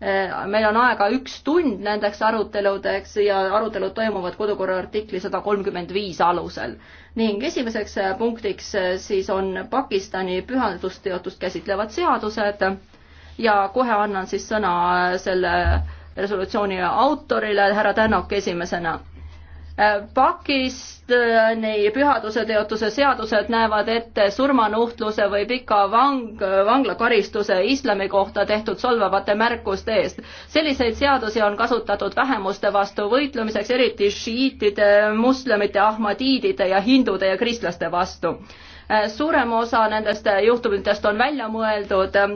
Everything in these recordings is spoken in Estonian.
Äh, meil on aega üks tund nendeks aruteludeks ja arutelud toimuvad kodukorra artikli sada kolmkümmend viis alusel. ning esimeseks äh, punktiks äh, siis on Pakistani pühadusteotust käsitlevad seadused ja kohe annan siis sõna selle resolutsiooni autorile, härra Tänok esimesena Äh, Pakistani pühaduseteotuse seadused näevad ette surmanuhtluse või pika vang, vanglakaristuse islami kohta tehtud solvavate märkuste eest. selliseid seadusi on kasutatud vähemuste vastu võitlemiseks, eriti šiiitide, moslemite, ahmadiidide ja hindude ja kristlaste vastu. Äh, suurem osa nendest juhtumitest on välja mõeldud äh,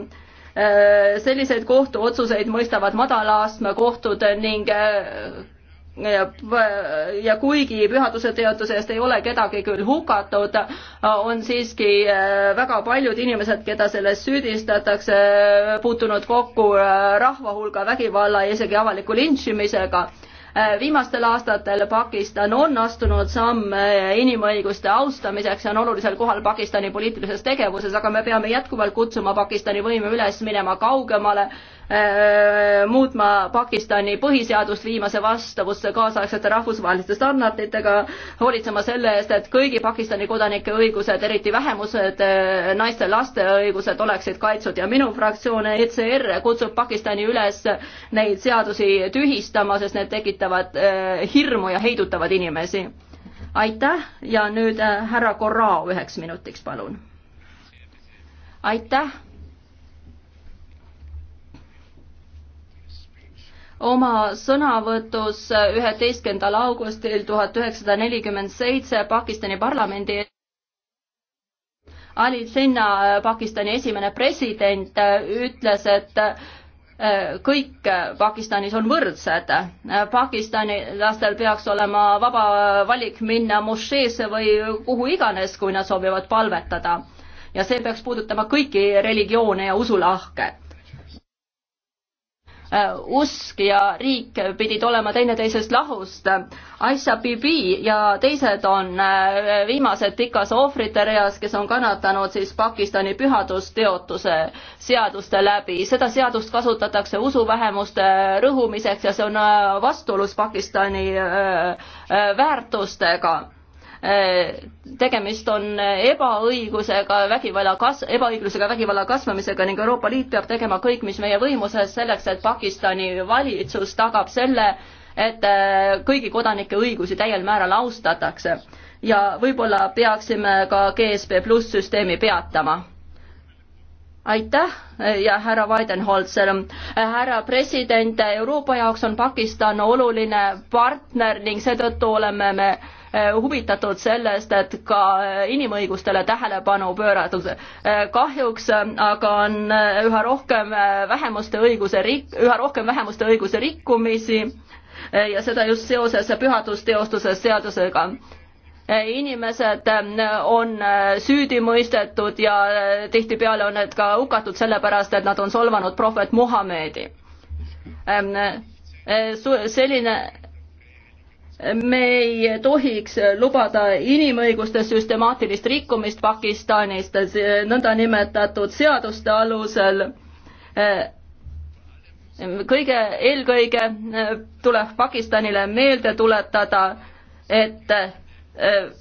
selliseid kohtuotsuseid mõistavad madala astme kohtud ning ja, ja kuigi pühaduse teotuse eest ei ole kedagi küll hukatud, on siiski äh, väga paljud inimesed, keda selles süüdistatakse, puutunud kokku äh, rahva hulga vägivalla ja isegi avaliku lintšimisega. Äh, viimastel aastatel Pakistan on astunud samme inimõiguste austamiseks ja on olulisel kohal Pakistani poliitilises tegevuses, aga me peame jätkuvalt kutsuma Pakistani võime üles minema kaugemale Äh, muutma Pakistani põhiseadust, viima see vastavusse kaasaegsete rahvusvaheliste standarditega, hoolitsema selle eest, et kõigi Pakistani kodanike õigused, eriti vähemused, äh, naiste, laste õigused oleksid kaitstud ja minu fraktsioon ECR kutsub Pakistani üles neid seadusi tühistama, sest need tekitavad äh, hirmu ja heidutavad inimesi. aitäh ja nüüd härra Korrao üheks minutiks, palun. aitäh oma sõnavõtus üheteistkümnendal augustil tuhat üheksasada nelikümmend seitse Pakistani parlamendi Ali Jinnah, äh, Pakistani esimene president, äh, ütles, et äh, kõik Pakistanis on võrdsed. Pakistani lastel peaks olema vaba valik minna mošeesse või kuhu iganes, kui nad soovivad palvetada. ja see peaks puudutama kõiki religioone ja usulahke Äh, usk ja riik pidid olema teineteisest lahust. Aisha Bibi ja teised on äh, viimased tikas ohvrite reas, kes on kannatanud siis Pakistani pühadusteotuse seaduste läbi. seda seadust kasutatakse usuvähemuste rõhumiseks ja see on äh, vastuolus Pakistani väärtustega tegemist on ebaõigusega, vägivalla kas-, ebaõiglusega vägivalla kasvamisega ning Euroopa Liit peab tegema kõik, mis meie võimuses, selleks et Pakistani valitsus tagab selle, et äh, kõigi kodanike õigusi täiel määral austatakse. ja võib-olla peaksime ka GSB pluss süsteemi peatama aitäh äh, ja härra Weidenholzer. Äh, härra president, Euroopa jaoks on Pakistan oluline partner ning seetõttu oleme me huvitatud sellest, et ka inimõigustele tähelepanu pööratud. kahjuks aga on üha rohkem vähemuste õiguse rik-, üha rohkem vähemuste õiguse rikkumisi ja seda just seoses pühadusteostuse seadusega inimesed on süüdi mõistetud ja tihtipeale on need ka hukatud sellepärast, et nad on solvanud prohvet Muhamedi. selline me ei tohiks lubada inimõiguste süstemaatilist rikkumist Pakistanist nõndanimetatud seaduste alusel. kõige, eelkõige tuleb Pakistanile meelde tuletada, et eh,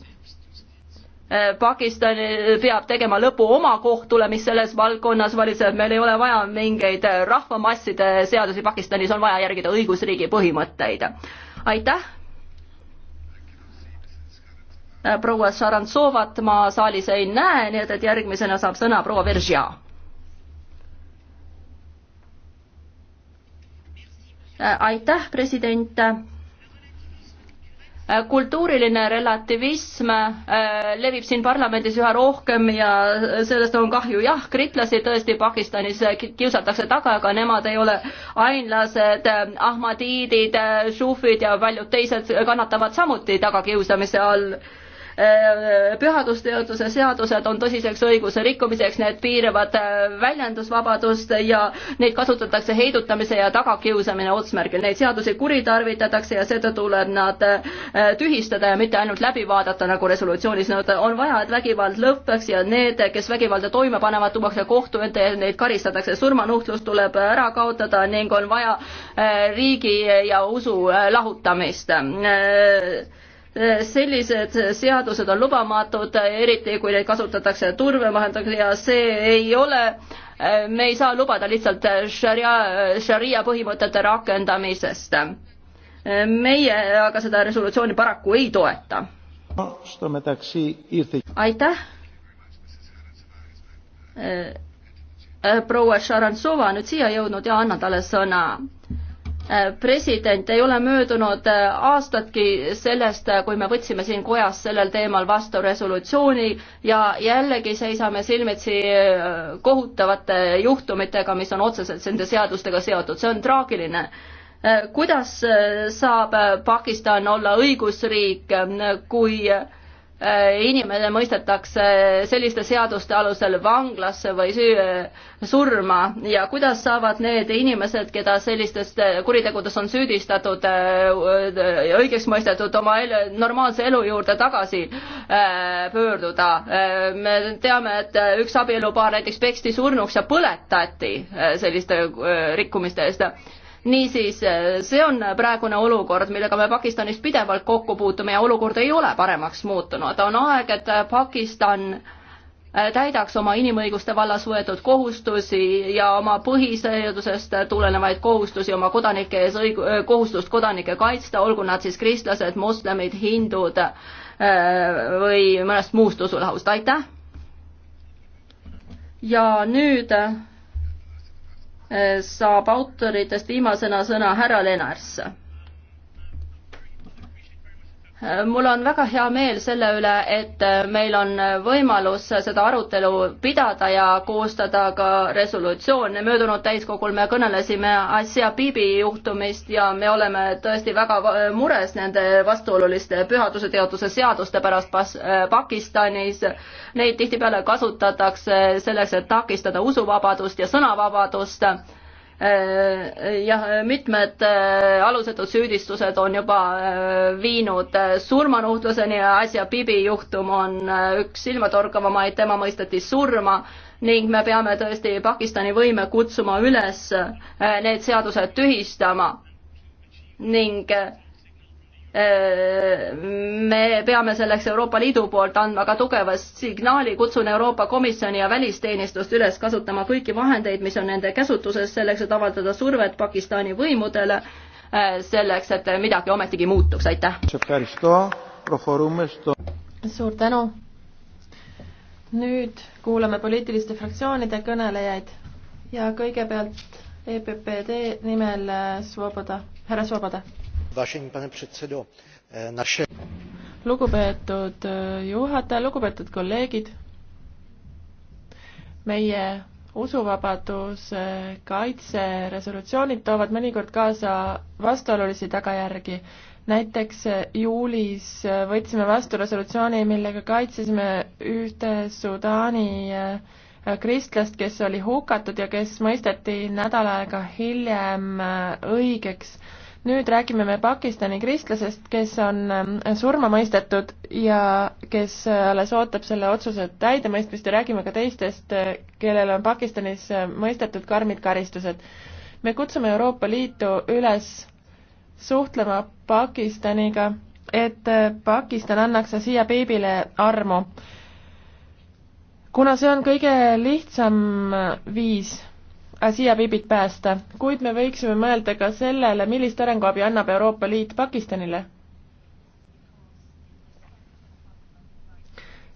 Pakistan peab tegema lõpu oma kohtule, mis selles valdkonnas valitseb, meil ei ole vaja mingeid rahvamasside seadusi Pakistanis, on vaja järgida õigusriigi põhimõtteid. aitäh Äh, proua Šarantsovat ma saalis ei näe, nii et, et järgmisena saab sõna proua Veržia. Äh, aitäh, president äh, kultuuriline relativism levib siin parlamendis üha rohkem ja sellest on kahju. jah, kritlasi tõesti Pakistanis kiusatakse taga, aga nemad ei ole ainlased, ahmadiidid, šufid ja paljud teised kannatavad samuti tagakiusamise all Äh, pühadusteaduse seadused on tõsiseks õiguse rikkumiseks, need piiravad äh, väljendusvabadust ja neid kasutatakse heidutamise ja tagakiusamine otsmärgil. Neid seadusi kuritarvitatakse ja seetõttu tuleb nad äh, tühistada ja mitte ainult läbi vaadata, nagu resolutsioonis nõuda. on vaja, et vägivald lõpeks ja need, kes vägivalda toime panevad, tuuakse kohtu ette ja neid karistatakse. surmanuhtlus tuleb ära kaotada ning on vaja riigi ja usu lahutamist sellised seadused on lubamatud, eriti kui neid kasutatakse turvemahendusega ja see ei ole, me ei saa lubada lihtsalt šaria, šaria põhimõtete rakendamisest. meie aga seda resolutsiooni paraku ei toeta. aitäh. proua Šarantsova on nüüd siia jõudnud ja annan talle sõna Äh, president, ei ole möödunud äh, aastatki sellest, äh, kui me võtsime siin kojas sellel teemal vastu resolutsiooni ja jällegi seisame silmitsi kohutavate juhtumitega, mis on otseselt nende seadustega seotud, see on traagiline. kuidas saab Pakistan olla õigusriik, kui Äh, inimene mõistetakse selliste seaduste alusel vanglasse või äh, surma ja kuidas saavad need inimesed, keda sellistest äh, kuritegudes on süüdistatud ja õigeks mõistetud, oma elu, normaalse elu juurde tagasi pöörduda. me teame, et üks abielupaar näiteks peksti surnuks ja põletati selliste rikkumiste eest niisiis, äh, see on äh, praegune olukord, millega me Pakistanis pidevalt kokku puutume ja olukord ei ole paremaks muutunud. on aeg, et äh, Pakistan täidaks oma inimõiguste vallas võetud kohustusi ja oma põhiseadusest tulenevaid kohustusi oma kodanike ees, kohustust kodanikke kaitsta, olgu nad siis kristlased, moslemid, hindud või mõnest muust usulahust, aitäh! ja nüüd saab autoritest viimasena sõna härra Lenars mul on väga hea meel selle üle, et meil on võimalus seda arutelu pidada ja koostada ka resolutsioon. möödunud täiskogul me kõnelesime Asja Bibi juhtumist ja me oleme tõesti väga mures nende vastuoluliste pühaduseteaduse seaduste pärast Pakistanis. Neid tihtipeale kasutatakse selleks, et takistada usuvabadust ja sõnavabadust Äh, jah, mitmed äh, alusetud süüdistused on juba äh, viinud surmanuhtluseni ja äsja Bibi juhtum on üks silmatorkavamaid, tema mõisteti surma ning me peame tõesti Pakistani võime kutsuma üles need seadused tühistama ning Äh, me peame selleks Euroopa Liidu poolt andma ka tugeva signaali, kutsun Euroopa Komisjoni ja välisteenistust üles kasutama kõiki vahendeid, mis on nende käsutuses, selleks et avaldada survet Pakistani võimudele, äh, selleks, et midagi ometigi muutuks, aitäh! suur tänu! nüüd kuulame poliitiliste fraktsioonide kõnelejaid ja kõigepealt EPPD nimel Svoboda, härra Svoboda Eh, lugupeetud eh, juhataja, lugupeetud kolleegid. meie usuvabaduse eh, kaitse resolutsioonid toovad mõnikord kaasa vastuolulisi tagajärgi. näiteks juulis võtsime vastu resolutsiooni, millega kaitsesime ühte Sudaani kristlast, kes oli hukatud ja kes mõisteti nädal aega hiljem õigeks nüüd räägime me Pakistani kristlasest, kes on ähm, surma mõistetud ja kes äh, alles ootab selle otsuse täidemõistmist ja räägime ka teistest, äh, kellel on Pakistanis äh, mõistetud karmid karistused. me kutsume Euroopa Liitu üles suhtlema Pakistaniga, et Pakistan annaks Asia beebile armu kuna see on kõige lihtsam viis Asia Bibit päästa, kuid me võiksime mõelda ka sellele, millist arenguabi annab Euroopa Liit Pakistanile.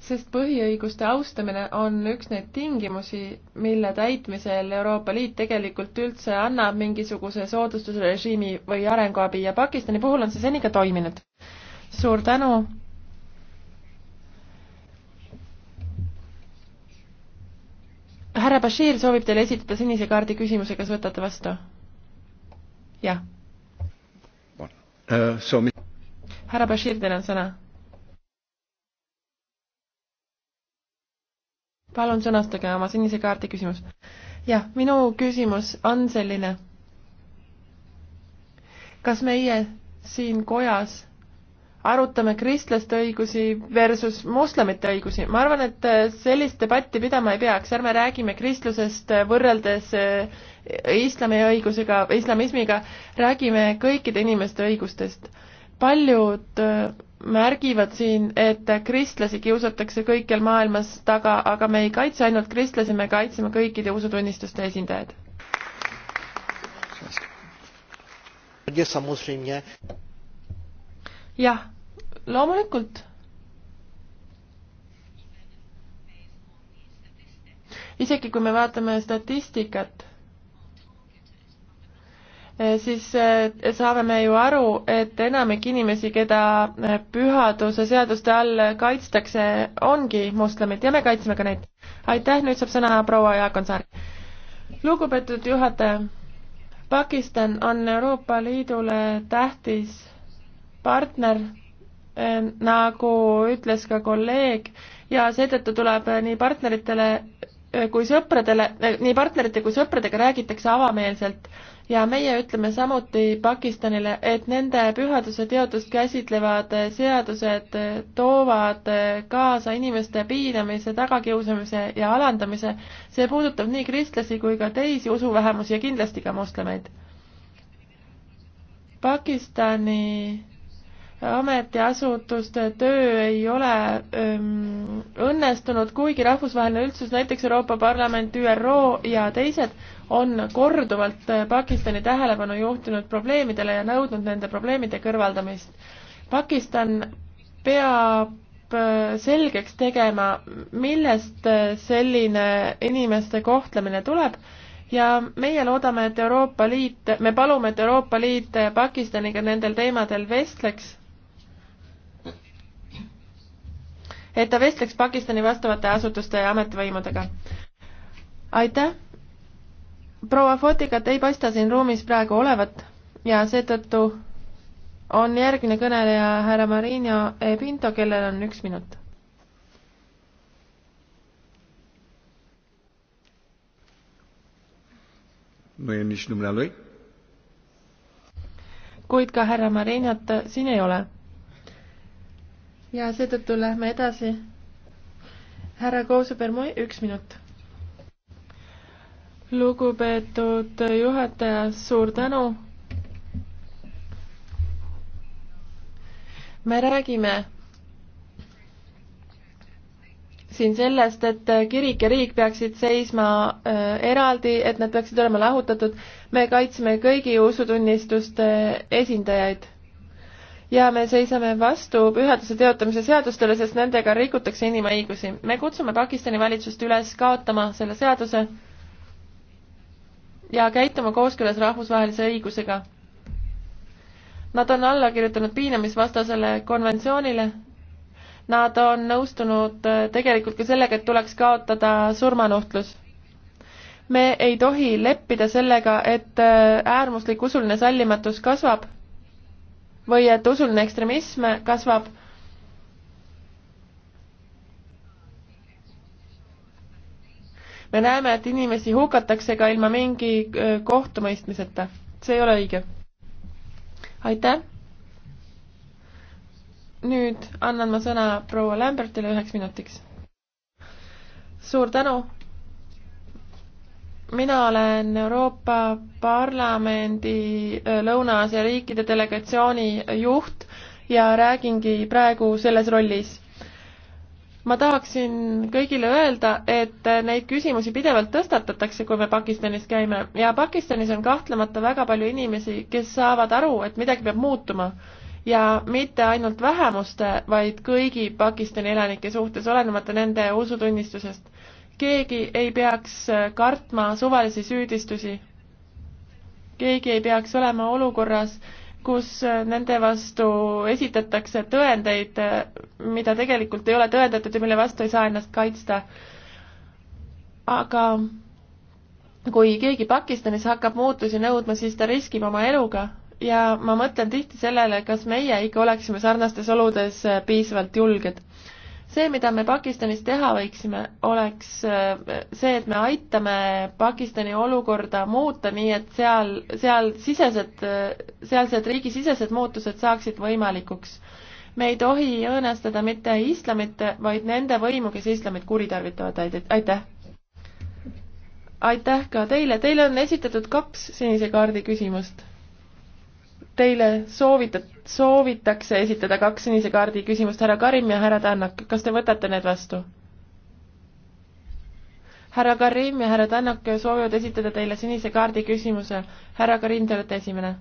sest põhiõiguste austamine on üks neid tingimusi, mille täitmisel Euroopa Liit tegelikult üldse annab mingisuguse soodustusrežiimi või arenguabi ja Pakistani puhul on see seni ka toiminud. suur tänu härra Bashir soovib teile esitada sinise kaardi küsimuse, kas võtate vastu? jah. Euh, härra Bashir, teil on sõna. palun sõnastage oma sinise kaardi küsimus. jah, minu küsimus on selline. kas meie siin kojas arutame kristlaste õigusi versus moslemite õigusi. ma arvan, et äh, sellist debatti pidama ei peaks, ärme räägime kristlusest äh, võrreldes äh, islami õigusega, islamismiga, räägime kõikide inimeste õigustest. paljud märgivad siin, et kristlasi kiusatakse kõikjal maailmas taga, aga me ei kaitse ainult kristlasi, me kaitseme kõikide usutunnistuste esindajaid pravdě samozřejmě. jah, loomulikult. isegi kui me vaatame statistikat, eh, siis eh, saame me ju aru, et enamik inimesi, keda eh, pühaduse seaduste all kaitstakse, ongi moslemid ja me kaitseme ka neid. aitäh, nüüd saab sõna proua Jaakonsaar. lugupeetud juhataja, Pakistan on Euroopa Liidule tähtis partner Ehm, nagu ütles ka kolleeg, ja seetõttu tuleb nii partneritele eh, kui sõpradele, eh, nii partnerite kui sõpradega räägitakse avameelselt ja meie ütleme samuti Pakistanile, et nende pühaduse teadust käsitlevad seadused toovad kaasa inimeste piinamise, tagakiusamise ja alandamise. see puudutab nii kristlasi kui ka teisi usuvähemusi ja kindlasti ka moslemeid. Pakistani ametiasutuste töö ei ole öm, ähm, õnnestunud, kuigi rahvusvaheline üldsus, näiteks Euroopa Parlament, ÜRO ja teised on korduvalt äh, Pakistani tähelepanu juhtinud probleemidele ja nõudnud nende probleemide kõrvaldamist. Pakistan peab peab äh, selgeks tegema, millest äh, selline inimeste kohtlemine tuleb ja meie loodame, et Euroopa Liit, me palume, et Euroopa Liit Pakistaniga nendel teemadel vestleks et ta vestleks Pakistani vastavate asutuste ja ametivõimudega. aitäh! proua Fotikat ei paista siin ruumis praegu olevat ja seetõttu on järgmine kõneleja härra Marino Pinto, kellel on üks minut nu e nici dumnealui. Kuid ka härra Marinat siin ei ole ja seetõttu lähme edasi. härra Koosepermoi, üks minut. lugupeetud juhataja, suur tänu. me räägime siin sellest, et kirik ja riik peaksid seisma äh, eraldi, et nad peaksid olema lahutatud. me kaitseme kõigi usutunnistuste esindajaid ja me seisame vastu pühaduse teotamise seadustele, sest nendega rikutakse inimõigusi. me kutsume Pakistani valitsust üles kaotama selle seaduse ja käituma kooskõlas rahvusvahelise õigusega. Nad on alla kirjutanud piinamisvastasele konventsioonile. Nad on nõustunud äh, tegelikult ka sellega, et tuleks kaotada surmanuhtlus me ei tohi leppida sellega, et äh, äärmuslik usuline sallimatus kasvab või et usuline ekstremism kasvab. me näeme, et inimesi hukatakse ka ilma mingi kohtumõistmiseta, see ei ole õige. aitäh. nüüd annan ma sõna proua Lambertile üheks minutiks. suur tänu mina olen Euroopa Parlamendi äh, Lõuna-Aasia riikide delegatsiooni juht ja räägingi praegu selles rollis. ma tahaksin kõigile öelda, et äh, neid küsimusi pidevalt tõstatatakse, kui me Pakistanis käime ja Pakistanis on kahtlemata väga palju inimesi, kes saavad aru, et midagi peab muutuma ja mitte ainult vähemuste, vaid kõigi Pakistani elanike suhtes, olenemata nende usutunnistusest keegi ei peaks äh, kartma suvalisi süüdistusi. keegi ei peaks olema olukorras, kus äh, nende vastu esitatakse tõendeid, äh, mida tegelikult ei ole tõendatud ja mille vastu ei saa ennast kaitsta. aga kui keegi Pakistanis hakkab muutusi nõudma, siis ta riskib oma eluga ja ma mõtlen tihti sellele, kas meie ikka oleksime sarnastes oludes piisavalt julged see, mida me Pakistanis teha võiksime, oleks äh, see, et me aitame Pakistani olukorda muuta nii, et seal, seal sisesed, äh, sealsed riigisisesed muutused saaksid võimalikuks. me ei tohi õõnestada mitte islamit, vaid nende võimu, kes islamit kuritarvitavad, aitäh! aitäh ka teile, teile on esitatud kaks sinise kaardi küsimust Teile soovitat-, soovitakse esitada kaks sinise kaardi küsimust, härra Karim ja härra Tannak, kas te võtate need vastu? härra Karim ja härra Tannak soovivad esitada teile sinise kaardi küsimuse. härra Karim, te olete esimene.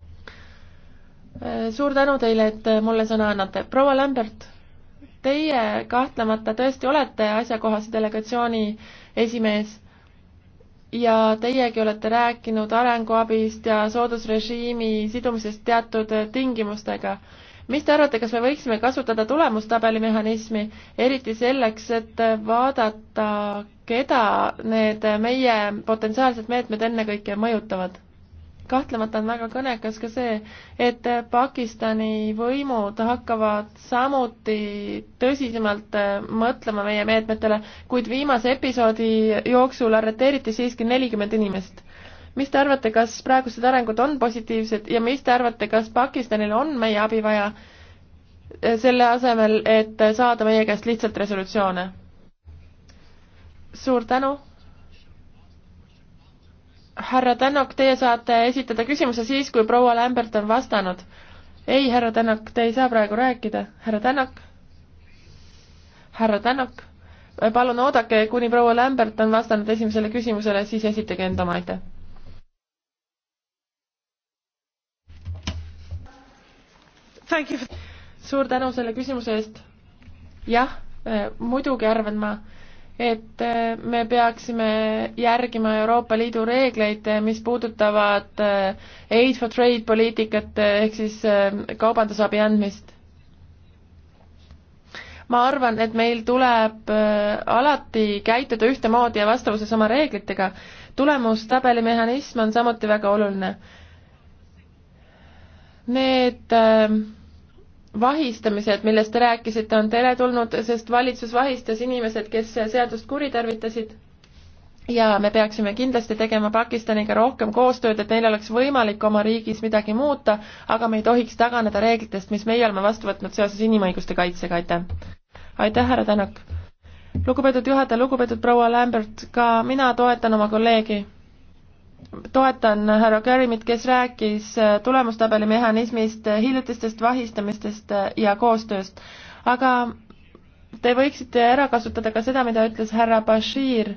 Äh, suur tänu teile, et mulle sõna annate. proua Lambert, teie kahtlemata tõesti olete asjakohase delegatsiooni esimees ja teiegi olete rääkinud arenguabist ja soodusrežiimi sidumisest teatud tingimustega. mis te arvate, kas me võiksime kasutada tulemustabeli mehhanismi, eriti selleks, et vaadata, keda need meie potentsiaalsed meetmed ennekõike mõjutavad? kahtlemata on väga kõnekas ka see, et Pakistani võimud hakkavad samuti tõsisemalt äh, mõtlema meie meetmetele, kuid viimase episoodi jooksul arreteeriti siiski nelikümmend inimest. mis te arvate, kas praegused arengud on positiivsed ja mis te arvate, kas Pakistanil on meie abi vaja, äh, selle asemel, et saada meie käest lihtsalt resolutsioone? suur tänu härra Tänak, teie saate esitada küsimuse siis, kui proua Lämbert on vastanud. ei, härra Tänak, te ei saa praegu rääkida. härra Tänak? härra Tänak? palun oodake, kuni proua Lämbert on vastanud esimesele küsimusele, siis esitage enda oma, aitäh. suur tänu selle küsimuse eest. jah, eh, muidugi arvan ma et äh, me peaksime järgima Euroopa Liidu reegleid, äh, mis puudutavad äh, aid for trade poliitikat ehk siis kaubandusabi andmist. ma arvan, et meil tuleb alati käituda ühtemoodi ja vastavuses oma reeglitega. tulemustabeli mehhanism on samuti väga oluline. Need äh, vahistamised, millest te rääkisite, on teretulnud, sest valitsus vahistas inimesed, kes seadust kuritarvitasid ja me peaksime kindlasti tegema Pakistaniga rohkem koostööd, et neil oleks võimalik oma riigis midagi muuta, aga me ei tohiks taganeda reeglitest, mis meie oleme vastu võtnud seoses inimõiguste kaitsega, aitäh. aitäh, härra Tänak. lugupeetud juhataja, lugupeetud proua Lambert, ka mina toetan oma kolleegi toetan härra Kerimit, kes rääkis äh, tulemustabeli mehhanismist, äh, hiljutistest vahistamistest äh, ja koostööst. aga te võiksite ära kasutada ka seda, mida ütles härra Bashir,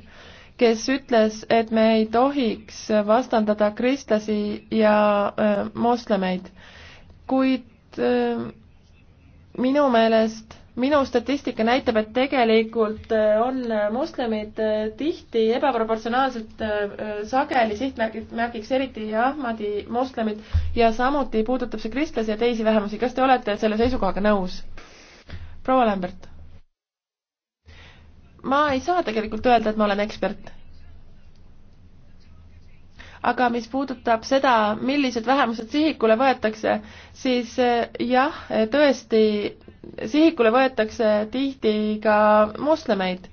kes ütles, et me ei tohiks vastandada kristlasi ja äh, moslemeid. kuid äh, minu meelest minu statistika näitab, et tegelikult äh, on äh, moslemid äh, tihti ebaproportsionaalselt sageli sihtmärgiks, märgiks eriti Ahmadi moslemid ja samuti puudutab see kristlasi ja teisi vähemusi. kas te olete selle seisukohaga nõus? proua Lämbert? ma ei saa tegelikult öelda, et ma olen ekspert aga mis puudutab seda, millised vähemused sihikule võetakse, siis eh, jah, tõesti, sihikule võetakse tihti ka moslemeid.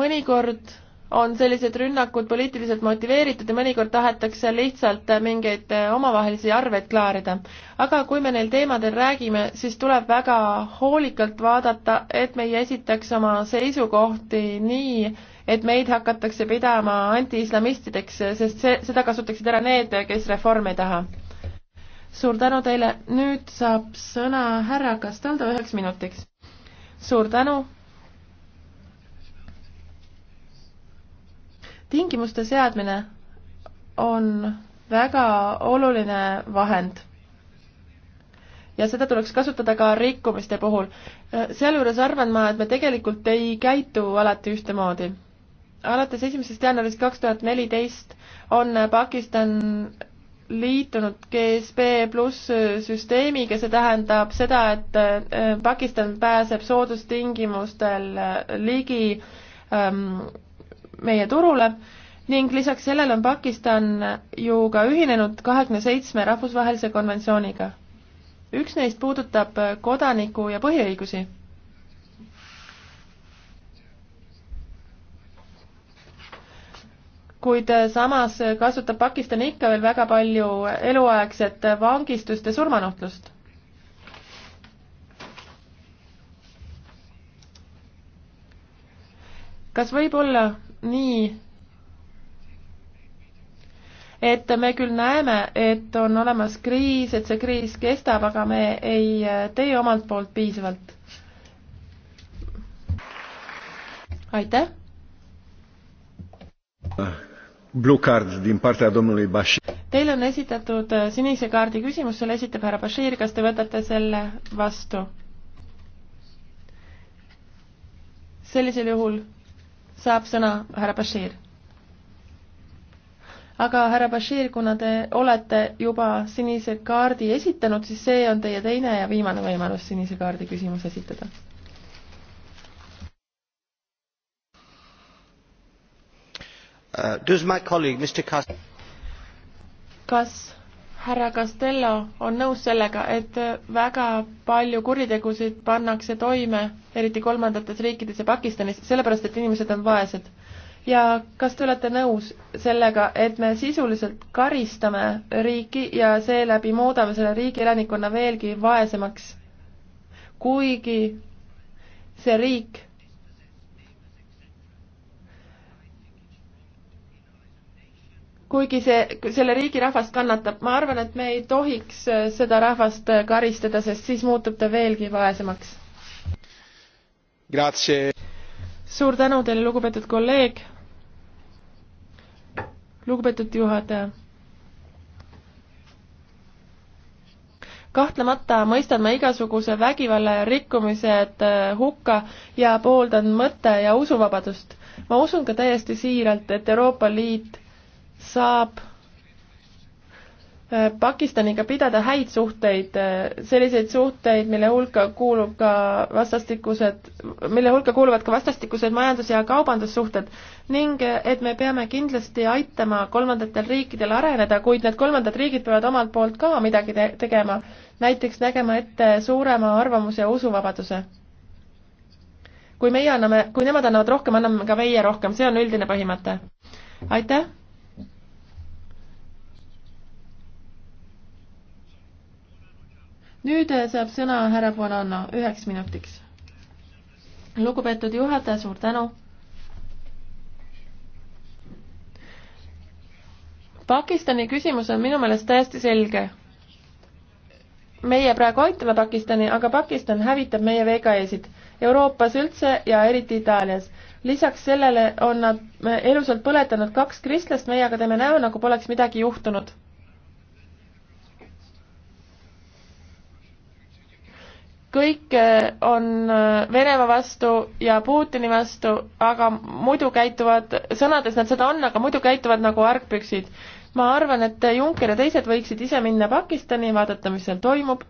mõnikord on sellised rünnakud poliitiliselt motiveeritud ja mõnikord tahetakse lihtsalt mingeid eh, omavahelisi arveid klaarida. aga kui me neil teemadel räägime, siis tuleb väga hoolikalt vaadata, et me ei esitaks oma seisukohti nii, et meid hakatakse pidama antiislamistideks, sest see, seda kasutaksid ära need, kes reforme ei taha. suur tänu teile, nüüd saab sõna härra Castaldo üheks minutiks. suur tänu. tingimuste seadmine on väga oluline vahend ja seda tuleks kasutada ka rikkumiste puhul. sealjuures arvan ma, et me tegelikult ei käitu alati ühtemoodi alates esimesest jaanuarist kaks tuhat neliteist on Pakistan liitunud GSB pluss süsteemiga, see tähendab seda, et äh, Pakistan pääseb soodustingimustel äh, ligi ähm, meie turule ning lisaks sellele on Pakistan ju ka ühinenud kahekümne seitsme rahvusvahelise konventsiooniga. üks neist puudutab äh, kodaniku- ja põhiõigusi kuid äh, samas äh, kasutab Pakistan ikka veel väga palju eluaegset äh, vangistust ja surmanuhtlust. kas võib olla nii, et me küll näeme, et on olemas kriis, et see kriis kestab, aga me ei tee omalt poolt piisavalt? aitäh! Ah. Blue card din partea domnului Bashir. Teile on esitatud äh, sinise kaardi küsimus, selle esitab härra Bashir, kas te võtate selle vastu? sellisel juhul saab sõna härra Bashir. aga härra Bashir, kuna te olete juba sinise kaardi esitanud, siis see on teie teine ja viimane võimalus sinise kaardi küsimus esitada Uh, kas härra Castello on nõus sellega, et väga palju kuritegusid pannakse toime, eriti kolmandates riikides ja Pakistanis, sellepärast et inimesed on vaesed? ja kas te olete nõus sellega, et me sisuliselt karistame riiki ja seeläbi muudame selle riigi elanikkonna veelgi vaesemaks? kuigi see riik kuigi see, selle riigi rahvas kannatab, ma arvan, et me ei tohiks äh, seda rahvast äh, karistada, sest siis muutub ta veelgi vaesemaks. suur tänu teile, lugupeetud kolleeg, lugupeetud juhataja. kahtlemata mõistan ma igasuguse vägivalla ja rikkumised äh, hukka ja pooldan mõtte- ja usuvabadust. ma usun ka täiesti siiralt, et Euroopa Liit saab äh, Pakistaniga pidada häid suhteid, äh, selliseid suhteid, mille hulka kuulub ka vastastikused, mille hulka kuuluvad ka vastastikused majandus- ja kaubandussuhted ning äh, et me peame kindlasti aitama kolmandatel riikidel areneda, kuid need kolmandad riigid peavad omalt poolt ka midagi te tegema, näiteks nägema ette suurema arvamus- ja usuvabaduse. kui meie anname, kui nemad annavad rohkem, anname ka meie rohkem, see on üldine põhimõte. aitäh! nüüd äh, saab sõna härra Bonanno üheks minutiks. lugupeetud juhataja, suur tänu. Pakistani küsimus on minu meelest täiesti selge. meie praegu aitame Pakistani, aga Pakistan hävitab meie VKE-sid Euroopas üldse ja eriti Itaalias. lisaks sellele on nad äh, elusalt põletanud kaks kristlast, meie aga teeme näo, nagu poleks midagi juhtunud kõik eh, on eh, Venemaa vastu ja Putini vastu, aga muidu käituvad, sõnades nad seda on, aga muidu käituvad nagu argpüksid. ma arvan, et Juncker ja teised võiksid ise minna Pakistani ja vaadata, mis seal toimub.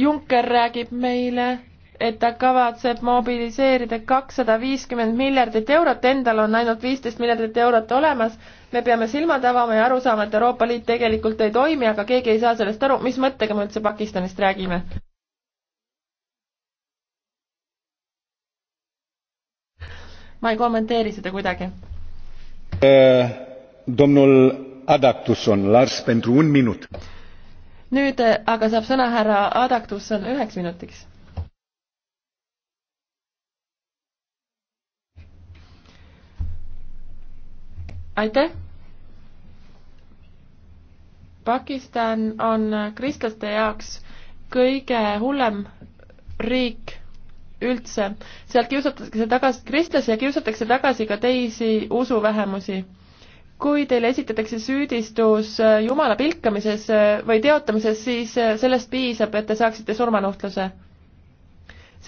Juncker räägib meile, et ta kavatseb mobiliseerida kakssada viiskümmend miljardit eurot, endal on ainult viisteist miljardit eurot olemas me peame silmad avama ja aru saama, et Euroopa Liit tegelikult ei toimi, aga keegi ei saa sellest aru, mis mõttega me üldse Pakistanist räägime. ma ei kommenteeri seda kuidagi. Eh, domnul Adaktusson, Lars, pentru un minut. nüüd eh, aga saab sõna härra Adaktusson üheks minutiks aitäh! Pakistan on kristlaste jaoks kõige hullem riik üldse. sealt kiusatakse tagasi kristlasi ja kiusatakse tagasi ka teisi usuvähemusi. kui teile esitatakse süüdistus Jumala pilkamises või teotamises, siis sellest piisab, et te saaksite surmanuhtluse.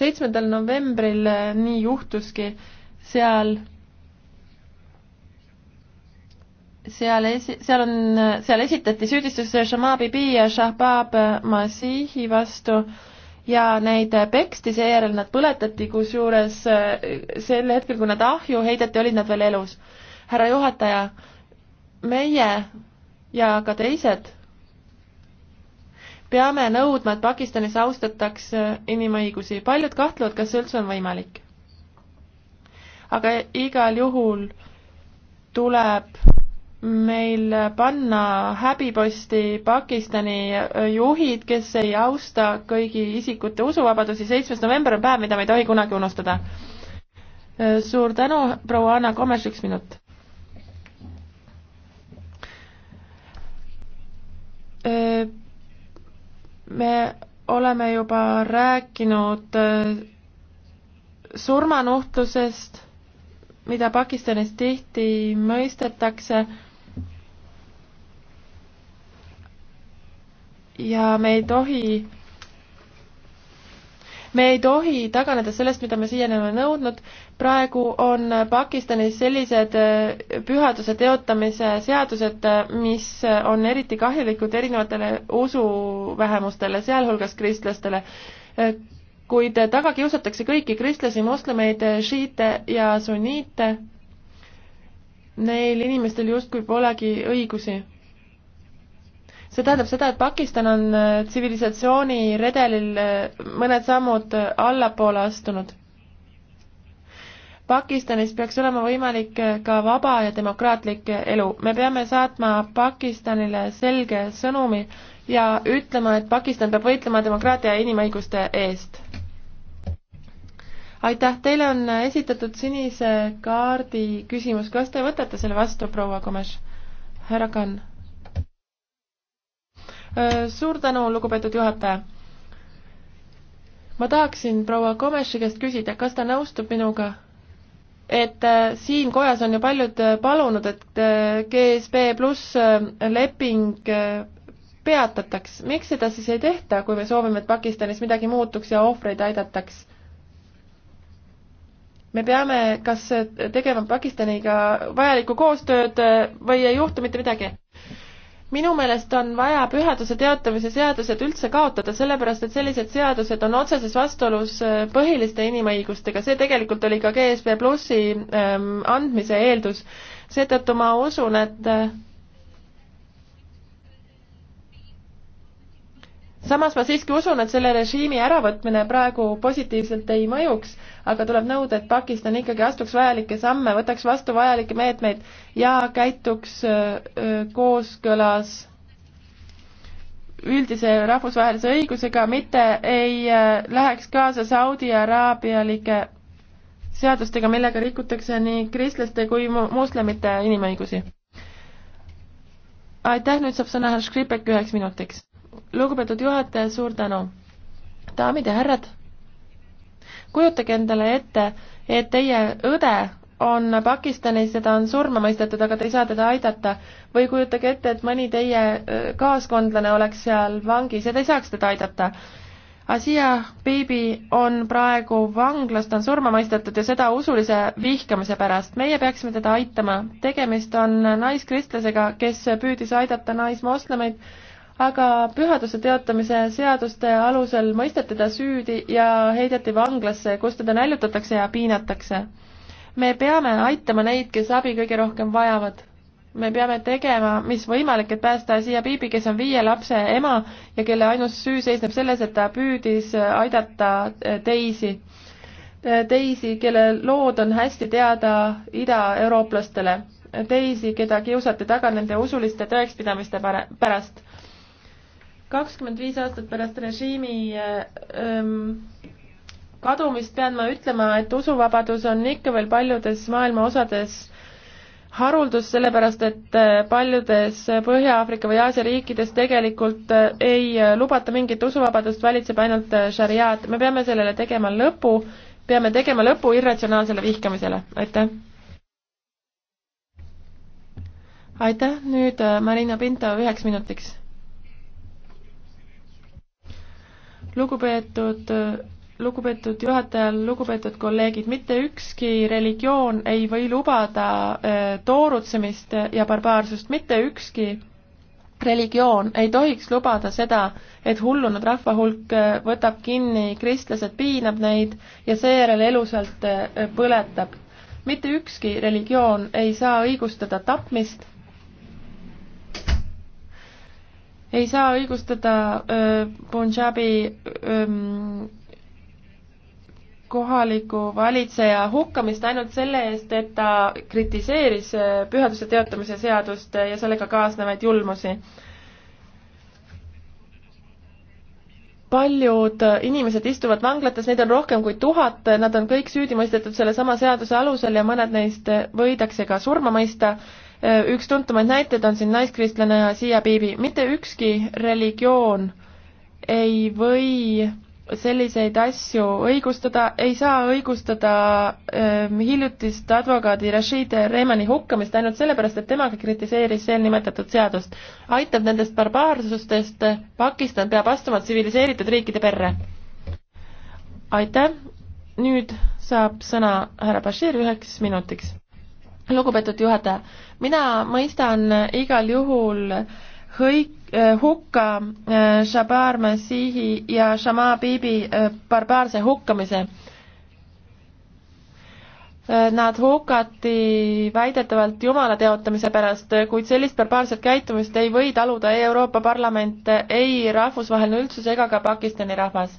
seitsmendal novembril nii juhtuski seal seal esi-, seal on, seal esitati süüdistus Shamabibi ja Shahbab Masihi vastu ja neid peksti, seejärel nad põletati, kusjuures äh, sel hetkel, kui nad ahju heideti, olid nad veel elus. härra juhataja, meie ja ka teised peame nõudma, et Pakistanis austataks äh, inimõigusi. paljud kahtlevad, kas see üldse on võimalik. aga igal juhul tuleb meil panna häbiposti Pakistani juhid, kes ei austa kõigi isikute usuvabadusi, seitsmes november on päev, mida me ei tohi kunagi unustada. suur tänu, proua Anna Komes, üks minut. me oleme juba rääkinud äh, surmanuhtlusest, mida Pakistanis tihti mõistetakse ja me ei tohi me ei tohi taganeda sellest, mida me siiani oleme nõudnud, praegu on Pakistanis sellised äh, pühaduse teotamise seadused, äh, mis on eriti kahjulikud erinevatele usuvähemustele, sealhulgas kristlastele. Äh, kuid taga kiusatakse kõiki kristlasi, moslemeid, šiite ja sunniite. Neil inimestel justkui polegi õigusi see tähendab seda, et Pakistan on äh, tsivilisatsiooni redelil äh, mõned sammud äh, allapoole astunud. Pakistanis peaks olema võimalik ka vaba ja demokraatlik elu. me peame saatma Pakistanile selge sõnumi ja ütlema, et Pakistan peab võitlema demokraatia ja inimõiguste eest. aitäh, teile on esitatud sinise kaardi küsimus, kas te võtate selle vastu, proua Komes? härra Kann Äh, suur tänu, lugupeetud juhataja. ma tahaksin proua Komeši käest küsida, kas ta nõustub minuga, et äh, siin kojas on ju paljud äh, palunud, et GSB pluss leping peatataks, miks seda siis ei tehta, kui me soovime, et Pakistanis midagi muutuks ja ohvreid aidataks? me peame kas tegema Pakistaniga vajalikku koostööd või ei juhtu mitte midagi minu meelest on vaja pühaduse teatamise seadused üldse kaotada, sellepärast et sellised seadused on otseses vastuolus äh, põhiliste inimõigustega, see tegelikult oli ka GSB Plussi ähm, andmise eeldus. seetõttu ma usun, et äh, samas ma siiski usun, et selle režiimi äravõtmine praegu positiivselt ei mõjuks, aga tuleb nõuda, et Pakistan ikkagi astuks vajalikke samme, võtaks vastu vajalikke meetmeid ja käituks kooskõlas üldise rahvusvahelise õigusega, mitte ei läheks kaasa Saudi Araabialike seadustega, millega rikutakse nii kristlaste kui moslemite inimõigusi. aitäh, nüüd saab sõna härra Škripek üheks minutiks lugupeetud juhataja, suur tänu. daamid ja härrad, kujutage endale ette, et teie õde on Pakistanis ja ta on surma mõistetud, aga te ei saa teda aidata. või kujutage ette, et mõni teie kaaskondlane oleks seal vangis ja te ei saaks teda aidata. Asia beebi on praegu vanglas, ta on surma mõistetud ja seda usulise vihkamise pärast. meie peaksime teda aitama. tegemist on naiskristlasega, kes püüdis aidata naismoslemeid nice aga pühaduse teotamise seaduste alusel mõisteti ta süüdi ja heideti vanglasse, kus teda näljutatakse ja piinatakse. me peame aitama neid, kes abi kõige rohkem vajavad. me peame tegema, mis võimalik, et päästa Asia Biibi, kes on viie lapse ema ja kelle ainus süü seisneb selles, et ta püüdis aidata äh, teisi, äh, teisi, kelle lood on hästi teada idaeurooplastele teisi, keda kiusati taga nende usuliste tõekspidamiste pärast kakskümmend viis aastat pärast režiimi äh, ähm, kadumist pean ma ütlema, et usuvabadus on ikka veel paljudes maailma osades haruldus, sellepärast et äh, paljudes Põhja-Aafrika või Aasia riikides tegelikult äh, ei lubata mingit usuvabadust, valitseb ainult šariaat. me peame sellele tegema lõpu, peame tegema lõpu irratsionaalsele vihkamisele, aitäh. aitäh, nüüd Marina Pinto üheks minutiks lugupeetud lugupeetud juhataja, lugupeetud kolleegid, mitte ükski religioon ei või lubada äh, toorutsemist ja barbaarsust, mitte ükski religioon ei tohiks lubada seda, et hullunud rahva hulk äh, võtab kinni kristlased, piinab neid ja seejärel elusalt äh, põletab. mitte ükski religioon ei saa õigustada tapmist ei saa õigustada öö, Punjabi öö, kohaliku valitseja hukkamist ainult selle eest, et ta kritiseeris pühaduse teotamise seadust ja sellega kaasnevaid julmusi. paljud inimesed istuvad vanglates, neid on rohkem kui tuhat, nad on kõik süüdi mõistetud sellesama seaduse alusel ja mõned neist võidakse ka surma mõista Äh, üks tuntumaid näiteid on siin naiskristlane Asia Bibi. mitte ükski religioon ei või selliseid asju õigustada, ei saa õigustada ähm, hiljutist advokaadi Rashid Reimani hukkamist ainult sellepärast, et tema kritiseeris eelnimetatud seadust. aitab nendest barbaarsustest, Pakistan peab astuma tsiviliseeritud riikide perre. aitäh, nüüd saab sõna härra Bashir üheks minutiks lugupeetud juhataja, mina mõistan igal juhul hõik-, eh, hukka eh, Shabar Masihi ja Shama Bibi eh, barbaarse hukkamise. Nad hukati väidetavalt jumala teotamise pärast, kuid sellist barbaarset käitumist ei või taluda ei Euroopa Parlament, ei rahvusvaheline üldsus ega ka Pakistani rahvas.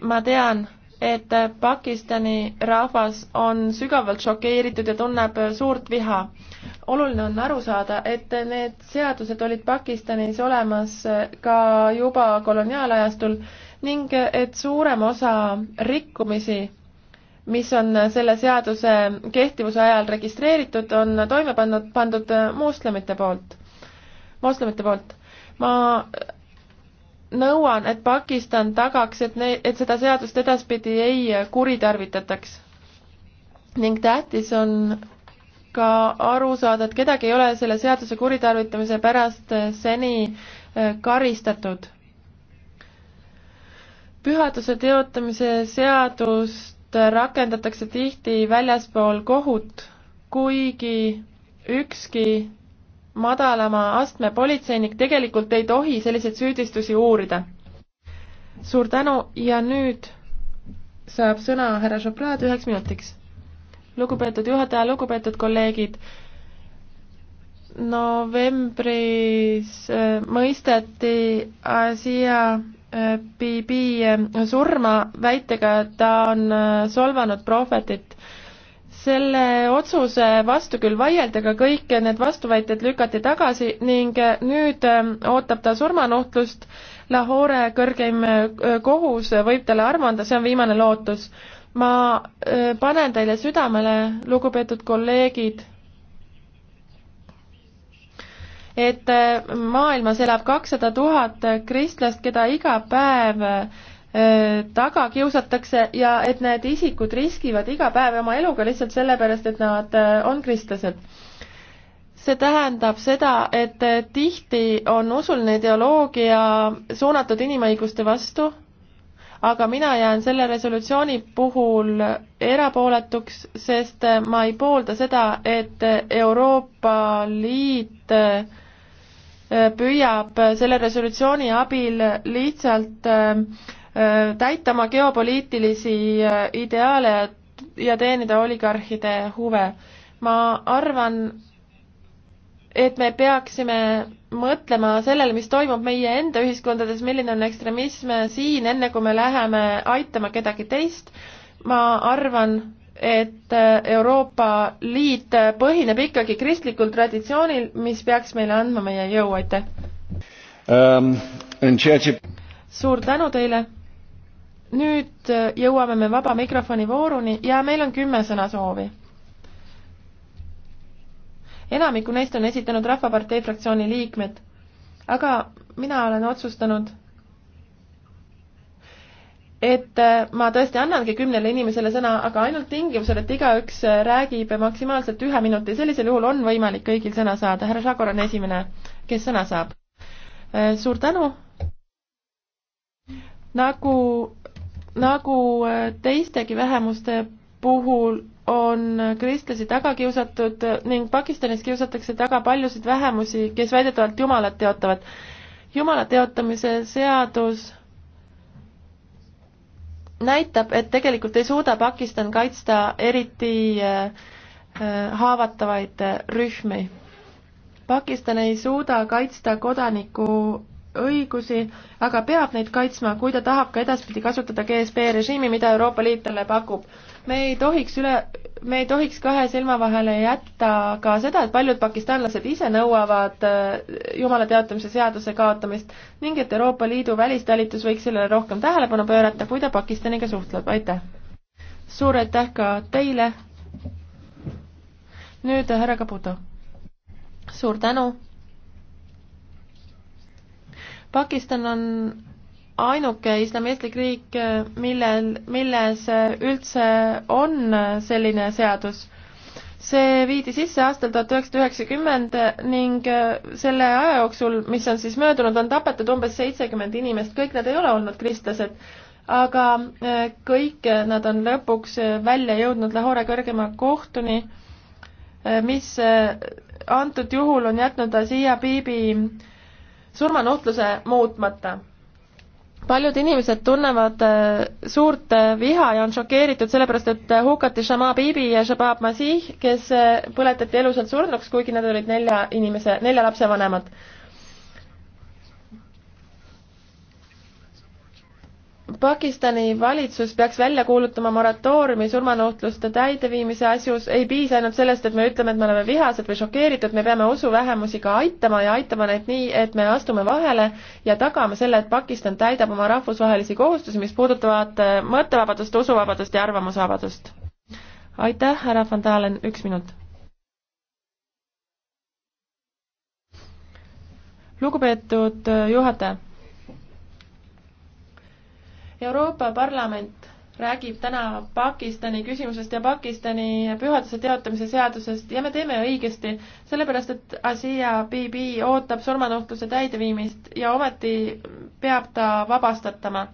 ma tean, et Pakistani rahvas on sügavalt šokeeritud ja tunneb suurt viha. oluline on aru saada, et need seadused olid Pakistanis olemas ka juba koloniaalajastul ning et suurem osa rikkumisi, mis on selle seaduse kehtivuse ajal registreeritud, on toime pannud, pandud moslemite poolt, moslemite poolt. ma nõuan, et Pakistan tagaks, et ne-, et seda seadust edaspidi ei kuritarvitataks. ning tähtis on ka aru saada, et kedagi ei ole selle seaduse kuritarvitamise pärast eh, seni eh, karistatud. pühaduse teotamise seadust eh, rakendatakse tihti väljaspool kohut, kuigi ükski madalama astme politseinik tegelikult ei tohi selliseid süüdistusi uurida. suur tänu ja nüüd saab sõna härra Šoplaad üheks minutiks. lugupeetud juhataja, lugupeetud kolleegid, novembris äh, mõisteti Asia äh, Bibi äh, surma väitega, et ta on solvanud prohvetit selle otsuse vastu küll vaielda, aga kõik need vastuväited lükati tagasi ning nüüd ähm, ootab ta surmanuhtlust. Lahore kõrgeim äh, kohus võib talle armu anda, see on viimane lootus. ma äh, panen teile südamele, lugupeetud kolleegid, et äh, maailmas elab kakssada tuhat kristlast, keda iga päev taga kiusatakse ja et need isikud riskivad iga päev oma eluga lihtsalt sellepärast, et nad on kristlased. see tähendab seda, et tihti on usuline ideoloogia suunatud inimõiguste vastu, aga mina jään selle resolutsiooni puhul erapooletuks, sest ma ei poolda seda, et Euroopa Liit püüab selle resolutsiooni abil lihtsalt äh, täitama geopoliitilisi ideaale ja teenida oligarhide huve. ma arvan, et me peaksime mõtlema sellele, mis toimub meie enda ühiskondades, milline on ekstremism siin, enne kui me läheme aitama kedagi teist. ma arvan, et Euroopa Liit põhineb ikkagi kristlikul traditsioonil, mis peaks meile andma meie jõu, aitäh um,! Suur tänu teile! nüüd äh, jõuame me vaba mikrofoni vooruni ja meil on kümme sõnasoovi. enamiku neist on esitanud Rahvapartei fraktsiooni liikmed, aga mina olen otsustanud, et äh, ma tõesti annangi kümnele inimesele sõna, aga ainult tingimusel, et igaüks äh, räägib maksimaalselt ühe minuti, sellisel juhul on võimalik kõigil sõna saada. härra Žagor on esimene, kes sõna saab. suur tänu. nagu nagu äh, teistegi vähemuste puhul on kristlasi taga kiusatud ning Pakistanis kiusatakse taga paljusid vähemusi, kes väidetavalt Jumalat teotavad. Jumala teotamise seadus näitab, et tegelikult ei suuda Pakistan kaitsta eriti äh, äh, haavatavaid rühmi. Pakistan ei suuda kaitsta kodaniku õigusi, aga peab neid kaitsma, kui ta tahab ka edaspidi kasutada GSP režiimi, mida Euroopa Liit talle pakub. me ei tohiks üle, me ei tohiks kahe silma vahele jätta ka seda, et paljud pakistanlased ise nõuavad äh, Jumala teatamise seaduse kaotamist ning et Euroopa Liidu välistalitus võiks sellele rohkem tähelepanu pöörata, kui ta Pakistaniga suhtleb, aitäh! suur aitäh ka teile! nüüd härra Kaputo. suur tänu! Pakistan on ainuke islamistlik riik, millel, milles üldse on selline seadus. see viidi sisse aastal tuhat üheksasada üheksakümmend ning selle aja jooksul, mis on siis möödunud, on tapetud umbes seitsekümmend inimest, kõik nad ei ole olnud kristlased, aga äh, kõik nad on lõpuks välja jõudnud Lahore kõrgema kohtuni, äh, mis äh, antud juhul on jätnud Asia Biibi surmanuhtluse muutmata. paljud inimesed tunnevad äh, suurt äh, viha ja on šokeeritud sellepärast, et äh, hukati Shama Bibi ja Shabab Masih, kes põletati elusalt surnuks, kuigi nad olid nelja inimese, nelja lapse vanemad Pakistani valitsus peaks välja kuulutama moratooriumi surmanuhtluste täideviimise asjus, ei piisa ainult sellest, et me ütleme, et me oleme vihased või šokeeritud, me peame usuvähemusi ka aitama ja aitama neid nii, et me astume vahele ja tagame selle, et Pakistan täidab oma rahvusvahelisi kohustusi, mis puudutavad äh, mõttevabadust, usuvabadust ja arvamusvabadust. aitäh, härra Van Dalen, üks minut. lugupeetud äh, juhataja Euroopa Parlament räägib täna Pakistani küsimusest ja Pakistani pühaduse teotamise seadusest ja me teeme õigesti, sellepärast et Asia Bibi ootab surmanuhtluse täideviimist ja ometi peab ta vabastatama.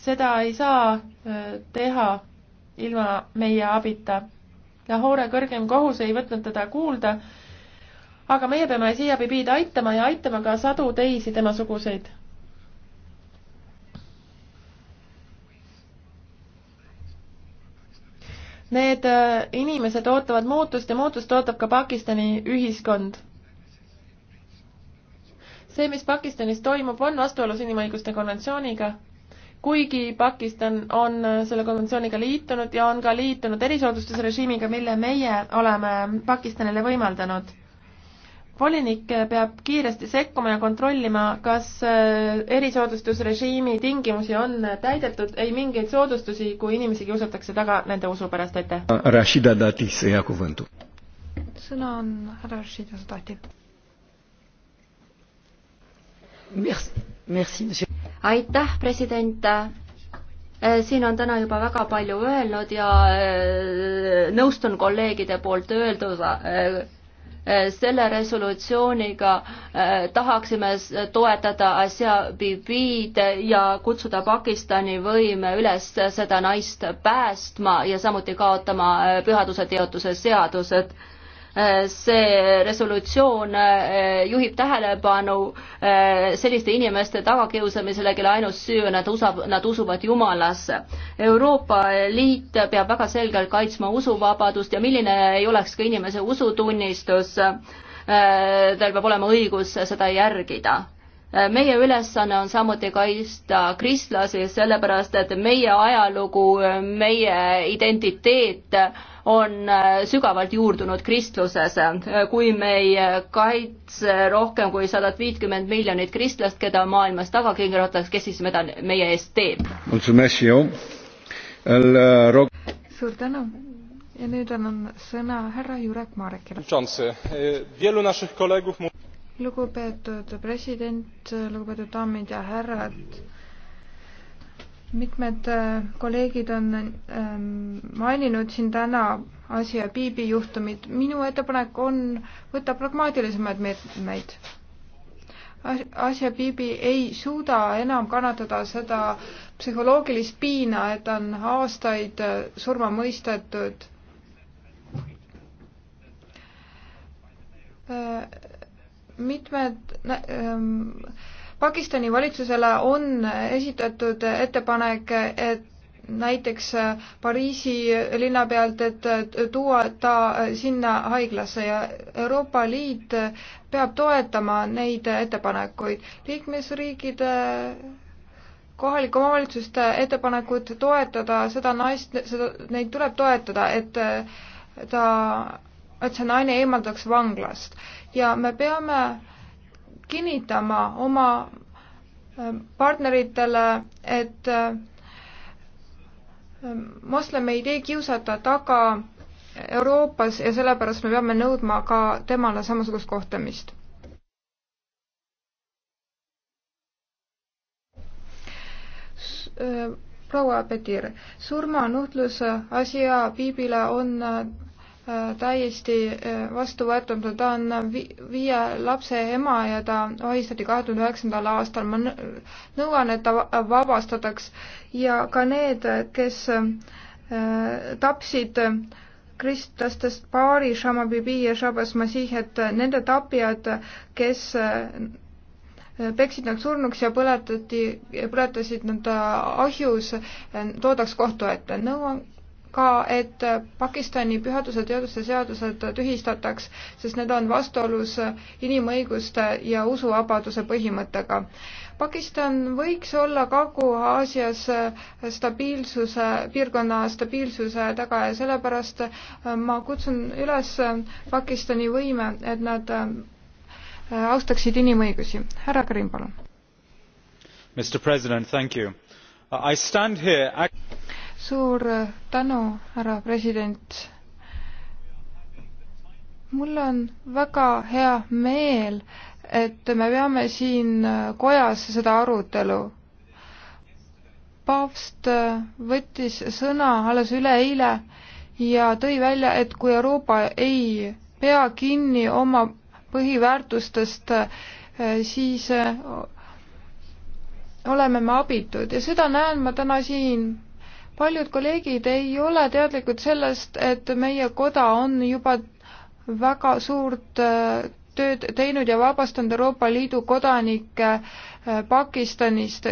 seda ei saa äh, teha ilma meie abita. Lahore kõrgem kohus ei võtnud teda kuulda, aga meie peame Asia Bibid aitama ja aitama ka sadu teisi temasuguseid Need äh, inimesed ootavad muutust ja muutust ootab ka Pakistani ühiskond. see, mis Pakistanis toimub, on vastuolus inimõiguste konventsiooniga, kuigi Pakistan on äh, selle konventsiooniga liitunud ja on ka liitunud erisoodustusrežiimiga, mille meie oleme Pakistanile võimaldanud volinik peab kiiresti sekkuma ja kontrollima, kas äh, erisoodustusrežiimi tingimusi on täidetud, ei mingeid soodustusi, kui inimesi kiusatakse taga nende usu pärast, aitäh. Rashida Dati, see hea kuvõndu. sõna on härra Rashida Datil. aitäh, president äh, siin on täna juba väga palju öelnud ja äh, nõustun kolleegide poolt öeldud, Eh, selle resolutsiooniga eh, tahaksime toetada asja Bibid ja kutsuda Pakistani võime üles seda naist päästma ja samuti kaotama eh, pühaduse teotuse seadused see resolutsioon eh, juhib tähelepanu eh, selliste inimeste tagakiusamisele, kelle ainus süü on, nad usab, nad usuvad Jumalasse. Euroopa Liit peab väga selgelt kaitsma usuvabadust ja milline ei oleks ka inimese usutunnistus, eh, tal peab olema õigus seda järgida meie ülesanne on samuti kaitsta kristlasi, sellepärast et meie ajalugu, meie identiteet äh, on äh, sügavalt juurdunud kristluses. Äh, kui me ei äh, kaitse rohkem kui sadat viitkümmend miljonit kristlast, keda maailmas taga kingirotatakse, kes siis meda, meie eest teeb? suur tänu ja nüüd annan sõna härra Jurek Marekile. E, lugupeetud president, lugupeetud daamid ja härrad mitmed äh, kolleegid on ähm, maininud siin täna asja Piibi juhtumit. minu ettepanek on võtta pragmaatilisemaid meetmeid. asja Piibi ei suuda enam kannatada seda psühholoogilist piina, et on aastaid äh, surma mõistetud. Äh, mitmed ähm, Pakistani valitsusele on esitatud ettepanek, et näiteks Pariisi linna pealt, et tuua ta sinna haiglasse ja Euroopa Liit peab toetama neid ettepanekuid. liikmesriigide kohalike omavalitsuste ettepanekut toetada seda naist, seda, neid tuleb toetada, et ta, et see naine eemaldataks vanglast ja me peame äh, kinnitama oma ähm, partneritele, et ähm, moslem ei tee kiusata taga Euroopas ja sellepärast me peame nõudma ka temale samasugust kohtlemist. Äh, proua Petir, surmanuhtluse asja Piibile on äh, täiesti äh, vastuvõetamatu, ta on vi-, viie lapse ema ja ta vahistati kahe tuhande üheksandal aastal, ma nõuan, et ta vabastataks ja ka need, kes äh, tapsid kristlastest paari, Shama Bibi ja Shabas Masih, et nende tapjad, kes äh, peksid nad surnuks ja põletati, põletasid nad ahjus, toodaks kohtu ette. nõuan ka, et Pakistani pühadused ja teaduste seadused tühistataks, sest need on vastuolus inimõiguste ja usuvabaduse põhimõttega. Pakistan võiks olla Kagu-Aasias stabiilsuse, piirkonna stabiilsuse taga ja sellepärast ma kutsun üles Pakistani võime, et nad austaksid inimõigusi. härra Karim, palun. Mr President, thank you. I stand here suur äh, tänu, härra president. mul on väga hea meel, et me peame siin äh, kojas seda arutelu. paavst äh, võttis sõna alles üleeile ja tõi välja, et kui Euroopa ei pea kinni oma põhiväärtustest, siis oleme me abitud ja seda näen ma täna siin paljud kolleegid ei ole teadlikud sellest, et meie koda on juba väga suurt äh, tööd teinud ja vabastanud Euroopa Liidu kodanikke äh, Pakistanist,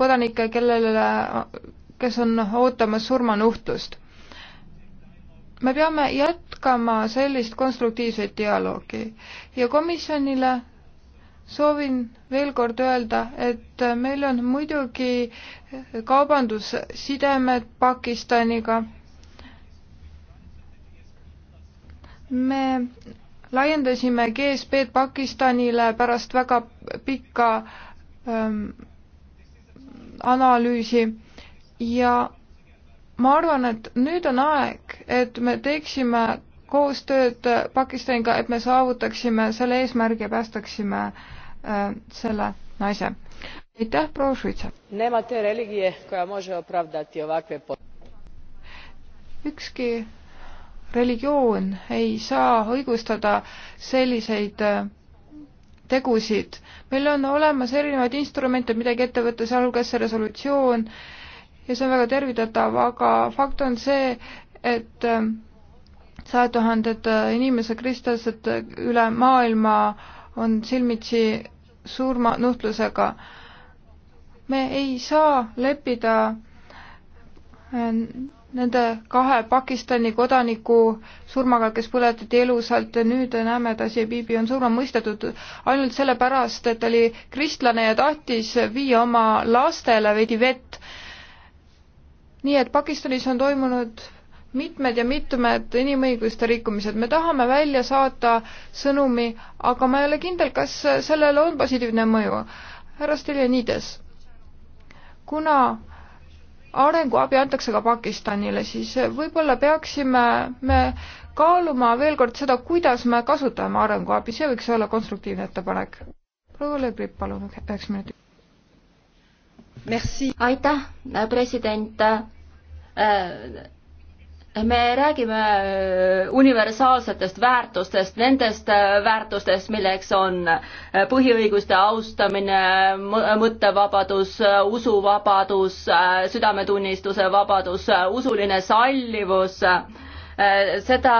kodanikke, kellele, äh, kes on ootamas surmanuhtlust. me peame jätkama sellist konstruktiivset dialoogi ja komisjonile soovin veel kord öelda, et meil on muidugi kaubandussidemed Pakistaniga. me laiendasime GSP-d Pakistanile pärast väga pikka ähm, analüüsi ja ma arvan, et nüüd on aeg, et me teeksime koostööd Pakistaniga, et me saavutaksime selle eesmärgi ja päästaksime äh, selle naise. aitäh, proua Šuitsa! ükski religioon ei saa õigustada selliseid äh, tegusid. meil on olemas erinevaid instrumente, midagi ette võtta, sealhulgas see resolutsioon ja see on väga tervitatav, aga fakt on see, et äh, sajad tuhanded äh, inimesed, kristlased äh, üle maailma on silmitsi surmanuhtlusega. me ei saa leppida äh, nende kahe Pakistani kodaniku surmaga, kes põletati elusalt ja nüüd näeme, et Asia Bibi on surma mõistetud ainult sellepärast, et ta oli kristlane ja tahtis viia oma lastele veidi vett. nii et Pakistanis on toimunud mitmed ja mitmed inimõiguste rikkumised, me tahame välja saata sõnumi, aga ma ei ole kindel, kas sellel on positiivne mõju. härra Stiljanides, kuna arenguabi antakse ka Pakistanile, siis võib-olla peaksime me kaaluma veel kord seda, kuidas me kasutame arenguabi, see võiks olla konstruktiivne ettepanek. proua Le Grip, palun, üheks minutiks. aitäh, president äh, me räägime äh, universaalsetest väärtustest, nendest äh, väärtustest, milleks on äh, põhiõiguste austamine, mõttevabadus, usuvabadus, südametunnistuse vabadus, usuline sallivus Äh, seda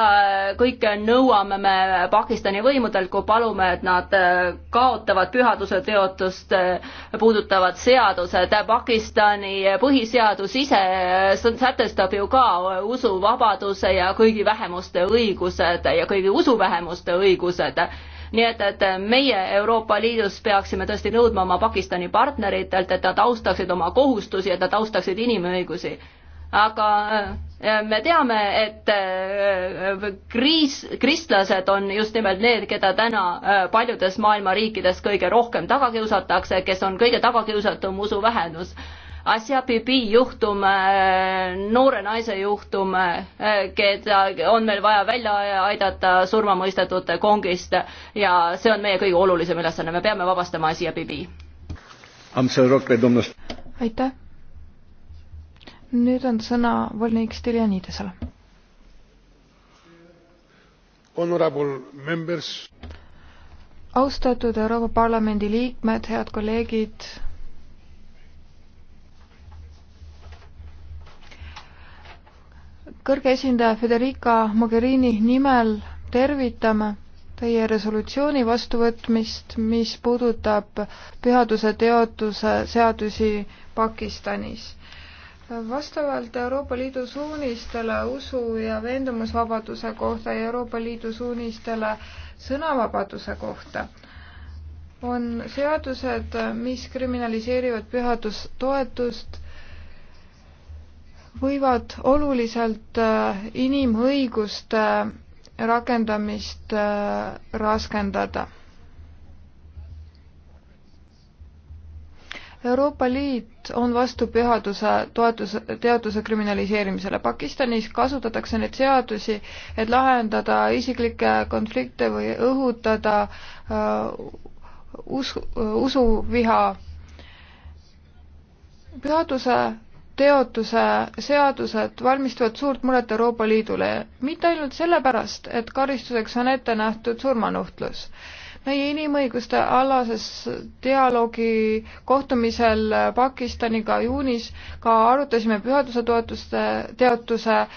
kõike nõuame me Pakistani võimudelt, kui palume, et nad äh, kaotavad pühaduse teotust äh, puudutavad seadused. Pakistani põhiseadus ise sätestab ju ka usuvabaduse ja kõigi vähemuste õigused ja kõigi usuvähemuste õigused nii et, et meie Euroopa Liidus peaksime tõesti nõudma oma Pakistani partneritelt, et nad austaksid oma kohustusi, et nad austaksid inimõigusi. aga Äh, me teame, et äh, kriis, kristlased on just nimelt need, keda täna äh, paljudes maailma riikides kõige rohkem taga kiusatakse, kes on kõige tagakiusatum usuvähendus. Asja Bibi juhtum, noore naise juhtum, keda on meil vaja välja aidata surmamõistetute kongist ja see on meie kõige olulisem ülesanne, me peame vabastama Asja Bibi. aitäh nüüd on sõna volinik Stiljanidesele. austatud Euroopa Parlamendi liikmed, head kolleegid. kõrge esindaja Federica Mogherini nimel tervitame teie resolutsiooni vastuvõtmist, mis puudutab pühaduse teotuse seadusi Pakistanis vastavalt Euroopa Liidu suunistele usu- ja veendumusvabaduse kohta ja Euroopa Liidu suunistele sõnavabaduse kohta on seadused, mis kriminaliseerivad pühadustoetust, võivad oluliselt äh, inimõiguste rakendamist äh, raskendada Euroopa Liit on vastu pühaduse toetuse, teaduse kriminaliseerimisele. Pakistanis kasutatakse neid seadusi, et lahendada isiklikke konflikte või õhutada uh, us, usuviha. pühaduse teotuse seadused valmistavad suurt muret Euroopa Liidule, mitte ainult sellepärast, et karistuseks on ette nähtud surmanuhtlus meie inimõiguste alases dialoogi kohtumisel Pakistaniga juunis ka arutasime pühaduse toetuste, teatuse eh,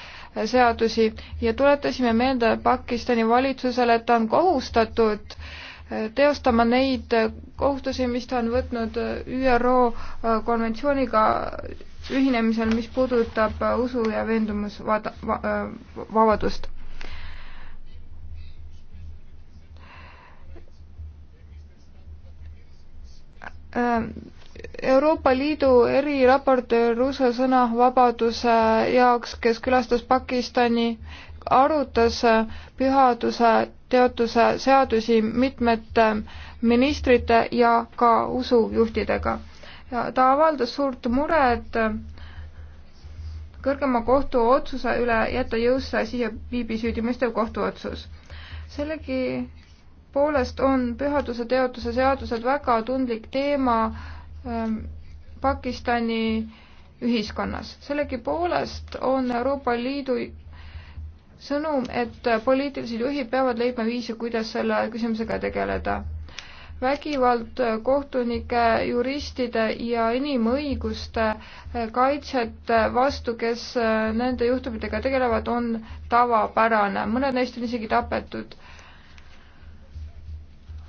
seadusi ja tuletasime meelde Pakistani valitsusele, et ta on kohustatud eh, teostama neid kohustusi, mis ta on võtnud eh, ÜRO konventsiooniga ühinemisel, mis puudutab usu ja veendumusvabadust Äh, Euroopa Liidu eriraportöör USA sõnavabaduse jaoks, kes külastas Pakistani, arutas äh, pühaduse teotuse seadusi mitmete äh, ministrite ja ka usujuhtidega. ja ta avaldas suurt muret kõrgema kohtu otsuse üle jätta jõusse siia viibi süüdimõistev kohtuotsus. sellegi tõepoolest on pühaduse teotuse seadused väga tundlik teema ähm, Pakistani ühiskonnas. sellegipoolest on Euroopa Liidu sõnum, et poliitilised juhid peavad leidma viisi, kuidas selle küsimusega tegeleda. vägivald kohtunike, juristide ja inimõiguste äh, kaitset vastu, kes äh, nende juhtumitega tegelevad, on tavapärane, mõned neist on isegi tapetud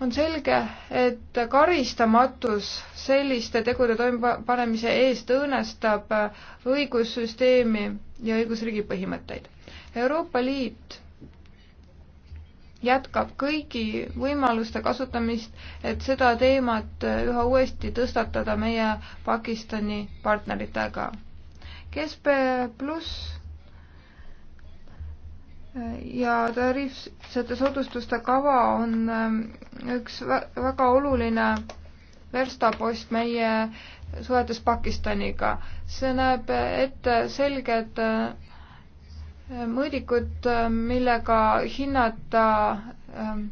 on selge, et karistamatus selliste tegude toimepanemise eest õõnestab õigussüsteemi ja õigusriigi põhimõtteid. Euroopa Liit jätkab kõigi võimaluste kasutamist, et seda teemat üha uuesti tõstatada meie Pakistani partneritega. Kespe pluss ja tariifsete soodustuste kava on ähm, üks väga oluline verstapost meie suhetes Pakistaniga. see näeb ette selged äh, mõõdikud, äh, millega hinnata ähm,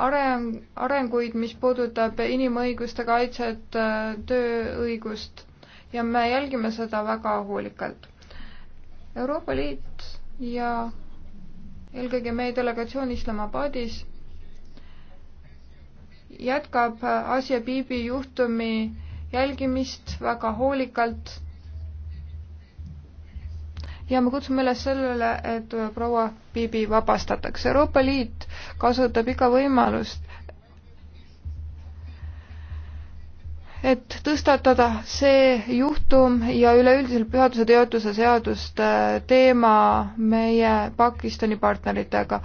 areng, arenguid, mis puudutab inimõiguste kaitset, äh, tööõigust ja me jälgime seda väga hoolikalt. Euroopa Liit ja eelkõige meie delegatsioon Islamabadis jätkab Asia Biibi juhtumi jälgimist väga hoolikalt. ja me kutsume üles sellele, et proua Biibi vabastatakse. Euroopa Liit kasutab iga võimalust et tõstatada see juhtum ja üleüldiselt pühaduse teotuse seaduste äh, teema meie Pakistani partneritega.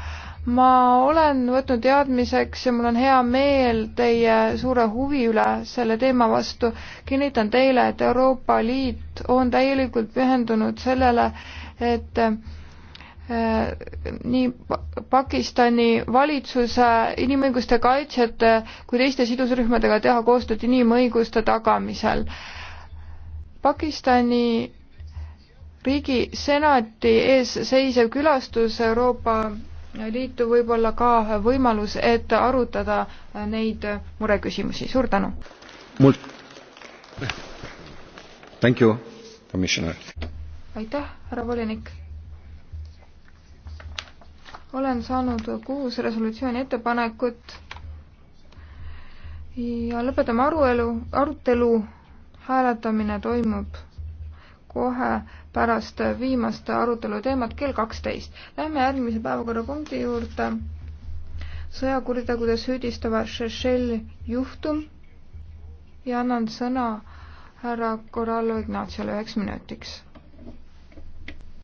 ma olen võtnud teadmiseks ja mul on hea meel teie suure huvi üle selle teema vastu. kinnitan teile, et Euroopa Liit on täielikult pühendunud sellele, et nii Pakistani valitsuse inimõiguste kaitsjate kui teiste sidusrühmadega teha koostööd inimõiguste tagamisel. Pakistani riigi senati ees seisev külastus Euroopa Liitu võib olla ka võimalus, et arutada neid mureküsimusi. suur tänu! aitäh, härra volinik! olen saanud kuus resolutsiooni ettepanekut ja lõpetame aruelu, arutelu. hääletamine toimub kohe pärast viimast arutelu teemat kell kaksteist. Lähme järgmise päevakorrapunkti juurde. sõjakuritegudes süüdistava Šešeli juhtum ja annan sõna härra Corralo Ignatsiole üheks minutiks